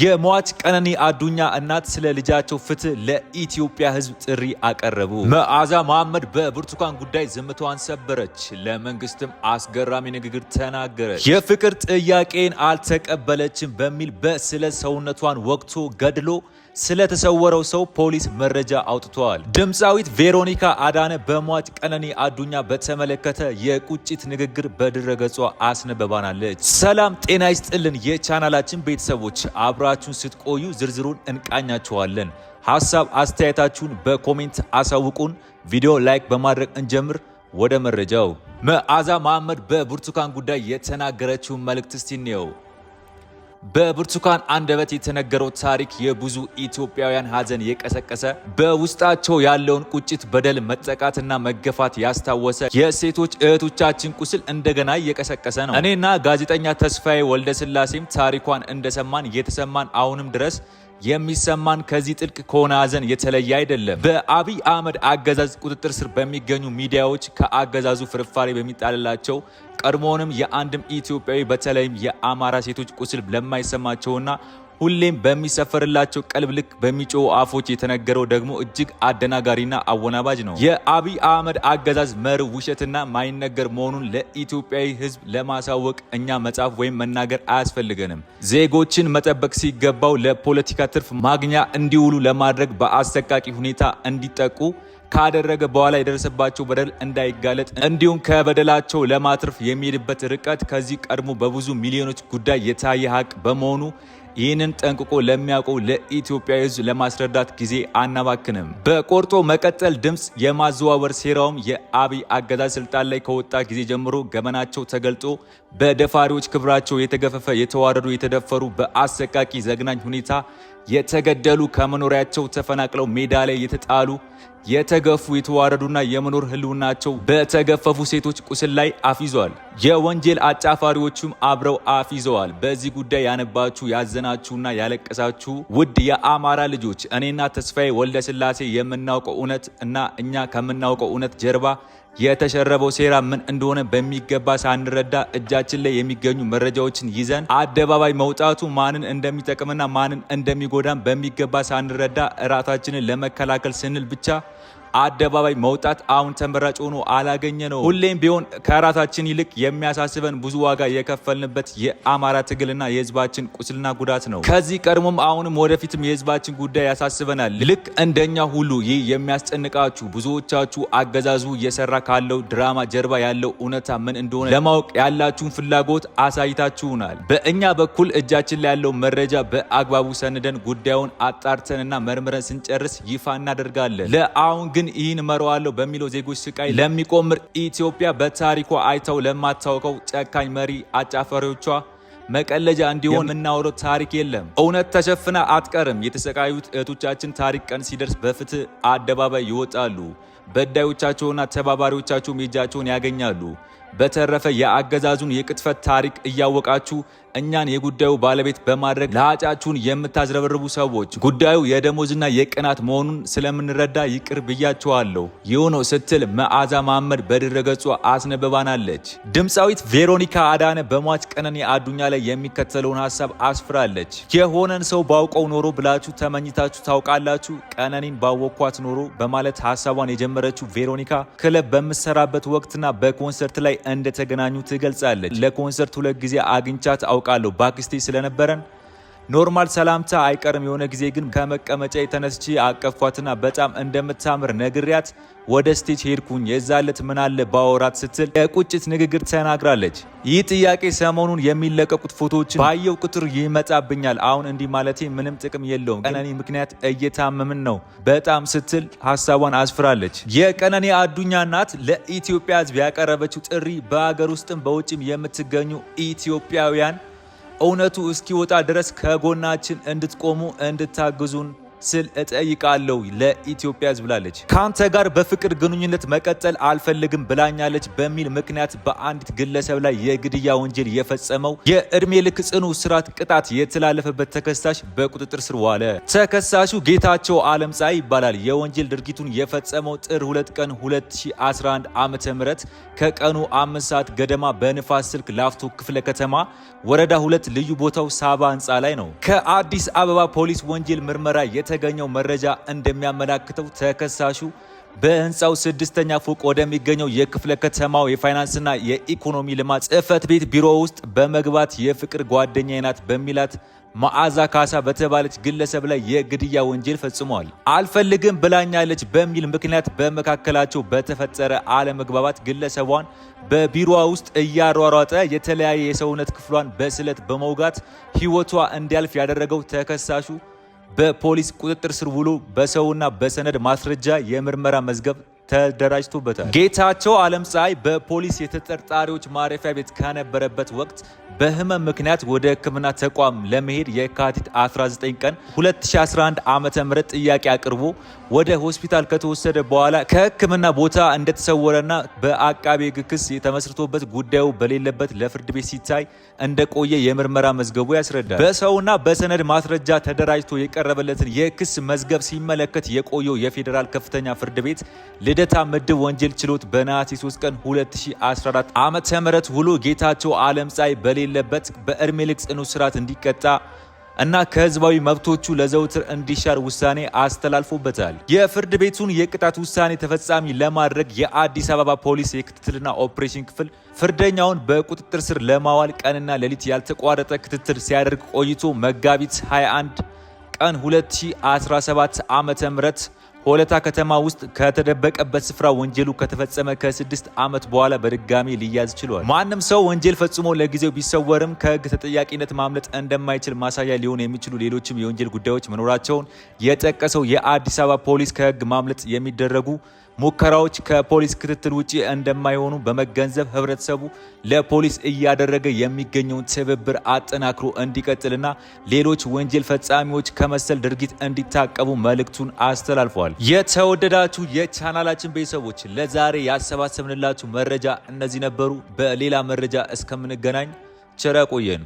የሟች ቀነኒ አዱኛ እናት ስለ ልጃቸው ፍትህ ለኢትዮጵያ ሕዝብ ጥሪ አቀረቡ። መዓዛ መሐመድ በብርቱካን ጉዳይ ዝምታዋን ሰበረች። ለመንግስትም አስገራሚ ንግግር ተናገረች። የፍቅር ጥያቄን አልተቀበለችም በሚል በስለ ሰውነቷን ወቅቶ ገድሎ ስለተሰወረው ሰው ፖሊስ መረጃ አውጥተዋል። ድምፃዊት ቬሮኒካ አዳነ በሟች ቀነኒ አዱኛ በተመለከተ የቁጭት ንግግር በድረገጿ አስነበባናለች። ሰላም ጤና ይስጥልን የቻናላችን ቤተሰቦች አብራችሁን ስትቆዩ ዝርዝሩን እንቃኛችኋለን። ሀሳብ አስተያየታችሁን በኮሜንት አሳውቁን። ቪዲዮ ላይክ በማድረግ እንጀምር። ወደ መረጃው መዓዛ መሐመድ በብርቱካን ጉዳይ የተናገረችውን መልእክት እስቲ እንየው። በብርቱካን አንደበት የተነገረው ታሪክ የብዙ ኢትዮጵያውያን ሀዘን የቀሰቀሰ በውስጣቸው ያለውን ቁጭት፣ በደል፣ መጠቃትና መገፋት ያስታወሰ የሴቶች እህቶቻችን ቁስል እንደገና እየቀሰቀሰ ነው። እኔና ጋዜጠኛ ተስፋዬ ወልደስላሴም ታሪኳን እንደሰማን የተሰማን አሁንም ድረስ የሚሰማን ከዚህ ጥልቅ ከሆነ ሀዘን የተለየ አይደለም። በአብይ አህመድ አገዛዝ ቁጥጥር ስር በሚገኙ ሚዲያዎች ከአገዛዙ ፍርፋሪ በሚጣልላቸው ቀድሞውንም የአንድም ኢትዮጵያዊ በተለይም የአማራ ሴቶች ቁስል ለማይሰማቸውና ሁሌም በሚሰፈርላቸው ቀልብ ልክ በሚጮው አፎች የተነገረው ደግሞ እጅግ አደናጋሪና አወናባጅ ነው። የአብይ አህመድ አገዛዝ መር ውሸትና ማይነገር መሆኑን ለኢትዮጵያዊ ህዝብ ለማሳወቅ እኛ መጻፍ ወይም መናገር አያስፈልገንም። ዜጎችን መጠበቅ ሲገባው ለፖለቲካ ትርፍ ማግኛ እንዲውሉ ለማድረግ በአሰቃቂ ሁኔታ እንዲጠቁ ካደረገ በኋላ የደረሰባቸው በደል እንዳይጋለጥ እንዲሁም ከበደላቸው ለማትረፍ የሚሄድበት ርቀት ከዚህ ቀድሞ በብዙ ሚሊዮኖች ጉዳይ የታየ ሀቅ በመሆኑ ይህንን ጠንቅቆ ለሚያውቀው ለኢትዮጵያ ሕዝብ ለማስረዳት ጊዜ አናባክንም። በቆርጦ መቀጠል ድምፅ የማዘዋወር ሴራውም የአብይ አገዛዝ ስልጣን ላይ ከወጣ ጊዜ ጀምሮ ገመናቸው ተገልጦ በደፋሪዎች ክብራቸው የተገፈፈ የተዋረዱ የተደፈሩ በአሰቃቂ ዘግናኝ ሁኔታ የተገደሉ ከመኖሪያቸው ተፈናቅለው ሜዳ ላይ የተጣሉ የተገፉ የተዋረዱና የመኖር ህልውናቸው በተገፈፉ ሴቶች ቁስል ላይ አፍይዘዋል። የወንጀል አጫፋሪዎቹም አብረው አፍይዘዋል። በዚህ ጉዳይ ያነባችሁ ያዘናችሁና ያለቀሳችሁ ውድ የአማራ ልጆች እኔና ተስፋዬ ወልደ ስላሴ የምናውቀው እውነት እና እኛ ከምናውቀው እውነት ጀርባ የተሸረበው ሴራ ምን እንደሆነ በሚገባ ሳንረዳ እጃችን ላይ የሚገኙ መረጃዎችን ይዘን አደባባይ መውጣቱ ማንን እንደሚጠቅምና ማንን እንደሚጎዳን በሚገባ ሳንረዳ እራታችንን ለመከላከል ስንል ብቻ አደባባይ መውጣት አሁን ተመራጭ ሆኖ አላገኘ ነው። ሁሌም ቢሆን ከራሳችን ይልቅ የሚያሳስበን ብዙ ዋጋ የከፈልንበት የአማራ ትግልና የህዝባችን ቁስልና ጉዳት ነው። ከዚህ ቀድሞም አሁንም ወደፊትም የህዝባችን ጉዳይ ያሳስበናል። ልክ እንደኛ ሁሉ ይህ የሚያስጨንቃችሁ ብዙዎቻችሁ አገዛዙ እየሰራ ካለው ድራማ ጀርባ ያለው እውነታ ምን እንደሆነ ለማወቅ ያላችሁን ፍላጎት አሳይታችሁናል። በእኛ በኩል እጃችን ላይ ያለው መረጃ በአግባቡ ሰንደን ጉዳዩን አጣርተንና መርምረን ስንጨርስ ይፋ እናደርጋለን። ለአሁን ግን ግን ይህን እመራዋለሁ በሚለው ዜጎች ስቃይ ለሚቆምር ኢትዮጵያ በታሪኳ አይተው ለማታውቀው ጨካኝ መሪ አጫፈሪዎቿ መቀለጃ እንዲሆን የምናወረው ታሪክ የለም። እውነት ተሸፍና አትቀርም። የተሰቃዩት እህቶቻችን ታሪክ ቀን ሲደርስ በፍትህ አደባባይ ይወጣሉ። በዳዮቻቸውና ተባባሪዎቻቸው እጃቸውን ያገኛሉ። በተረፈ የአገዛዙን የቅጥፈት ታሪክ እያወቃችሁ እኛን የጉዳዩ ባለቤት በማድረግ ለአጫችሁን የምታዝረበርቡ ሰዎች ጉዳዩ የደሞዝና የቅናት መሆኑን ስለምንረዳ ይቅር ብያችኋለሁ። ይህ ስትል መዓዛ መሐመድ በድረገጹ አስነብባናለች። ድምፃዊት ቬሮኒካ አዳነ በሟች ቀነኔ አዱኛ ላይ የሚከተለውን ሀሳብ አስፍራለች። የሆነን ሰው ባውቀው ኖሮ ብላችሁ ተመኝታችሁ ታውቃላችሁ? ቀነኔን ባወኳት ኖሮ በማለት ሀሳቧን የጀመረ የጀመረችው ቬሮኒካ ክለብ በምትሰራበት ወቅትና በኮንሰርት ላይ እንደተገናኙ ትገልጻለች። ለኮንሰርት ሁለት ጊዜ አግኝቻት አውቃለሁ ባክስቴጅ ስለነበረን ኖርማል ሰላምታ አይቀርም። የሆነ ጊዜ ግን ከመቀመጫ የተነስቺ አቀፏትና በጣም እንደምታምር ነግሪያት ወደ ስቴጅ ሄድኩኝ። የዛለት ምናለ ባወራት ስትል የቁጭት ንግግር ተናግራለች። ይህ ጥያቄ ሰሞኑን የሚለቀቁት ፎቶዎችን ባየው ቁጥር ይመጣብኛል። አሁን እንዲህ ማለቴ ምንም ጥቅም የለውም፣ ቀነኒ ምክንያት እየታመምን ነው በጣም ስትል ሀሳቧን አስፍራለች። የቀነኒ አዱኛ እናት ለኢትዮጵያ ሕዝብ ያቀረበችው ጥሪ በሀገር ውስጥም በውጭም የምትገኙ ኢትዮጵያውያን እውነቱ እስኪወጣ ድረስ ከጎናችን እንድትቆሙ እንድታግዙን ስል እጠይቃለሁ ለኢትዮጵያ ህዝብ ብላለች። ከአንተ ጋር በፍቅር ግንኙነት መቀጠል አልፈልግም ብላኛለች በሚል ምክንያት በአንዲት ግለሰብ ላይ የግድያ ወንጀል የፈጸመው የእድሜ ልክ ጽኑ እስራት ቅጣት የተላለፈበት ተከሳሽ በቁጥጥር ስር ዋለ። ተከሳሹ ጌታቸው አለም ፀሐይ ይባላል። የወንጀል ድርጊቱን የፈጸመው ጥር 2 ቀን 2011 ዓ ም ከቀኑ አምስት ሰዓት ገደማ በንፋስ ስልክ ላፍቶ ክፍለ ከተማ ወረዳ ሁለት ልዩ ቦታው ሳባ ህንፃ ላይ ነው። ከአዲስ አበባ ፖሊስ ወንጀል ምርመራ የተ የተገኘው መረጃ እንደሚያመላክተው ተከሳሹ በህንፃው ስድስተኛ ፎቅ ወደሚገኘው የክፍለ ከተማው የፋይናንስና የኢኮኖሚ ልማት ጽህፈት ቤት ቢሮ ውስጥ በመግባት የፍቅር ጓደኛዬ ናት በሚላት መዓዛ ካሳ በተባለች ግለሰብ ላይ የግድያ ወንጀል ፈጽሟል። አልፈልግም ብላኛለች በሚል ምክንያት በመካከላቸው በተፈጠረ አለመግባባት ግለሰቧን በቢሮዋ ውስጥ እያሯሯጠ የተለያየ የሰውነት ክፍሏን በስለት በመውጋት ህይወቷ እንዲያልፍ ያደረገው ተከሳሹ በፖሊስ ቁጥጥር ስር ውሎ በሰውና በሰነድ ማስረጃ የምርመራ መዝገብ ተደራጅቶበታል። ጌታቸው አለም ፀሐይ በፖሊስ የተጠርጣሪዎች ማረፊያ ቤት ከነበረበት ወቅት በህመም ምክንያት ወደ ህክምና ተቋም ለመሄድ የካቲት 19 ቀን 2011 ዓ ም ጥያቄ አቅርቦ ወደ ሆስፒታል ከተወሰደ በኋላ ከህክምና ቦታ እንደተሰወረና በአቃቤ ሕግ ክስ የተመስርቶበት ጉዳዩ በሌለበት ለፍርድ ቤት ሲታይ እንደቆየ የምርመራ መዝገቡ ያስረዳል። በሰውና በሰነድ ማስረጃ ተደራጅቶ የቀረበለትን የክስ መዝገብ ሲመለከት የቆየው የፌዴራል ከፍተኛ ፍርድ ቤት ልደታ ምድብ ወንጀል ችሎት በነሐሴ 3 ቀን 2014 ዓ ም ውሎ ጌታቸው አለምጻይ ፀሐይ በሌለ የሌለበት በዕድሜ ልክ ጽኑ እስራት እንዲቀጣ እና ከህዝባዊ መብቶቹ ለዘውትር እንዲሻር ውሳኔ አስተላልፎበታል። የፍርድ ቤቱን የቅጣት ውሳኔ ተፈጻሚ ለማድረግ የአዲስ አበባ ፖሊስ የክትትልና ኦፕሬሽን ክፍል ፍርደኛውን በቁጥጥር ስር ለማዋል ቀንና ሌሊት ያልተቋረጠ ክትትል ሲያደርግ ቆይቶ መጋቢት 21 ቀን 2017 ዓ.ም ሆለታ ከተማ ውስጥ ከተደበቀበት ስፍራ ወንጀሉ ከተፈጸመ ከስድስት ዓመት በኋላ በድጋሚ ሊያዝ ችሏል። ማንም ሰው ወንጀል ፈጽሞ ለጊዜው ቢሰወርም ከህግ ተጠያቂነት ማምለጥ እንደማይችል ማሳያ ሊሆኑ የሚችሉ ሌሎችም የወንጀል ጉዳዮች መኖራቸውን የጠቀሰው የአዲስ አበባ ፖሊስ ከህግ ማምለጥ የሚደረጉ ሙከራዎች ከፖሊስ ክትትል ውጪ እንደማይሆኑ በመገንዘብ ህብረተሰቡ ለፖሊስ እያደረገ የሚገኘውን ትብብር አጠናክሮ እንዲቀጥልና ሌሎች ወንጀል ፈጻሚዎች ከመሰል ድርጊት እንዲታቀቡ መልእክቱን አስተላልፈዋል። የተወደዳችሁ የቻናላችን ቤተሰቦች ለዛሬ ያሰባሰብንላችሁ መረጃ እነዚህ ነበሩ። በሌላ መረጃ እስከምንገናኝ ቸር ቆየን።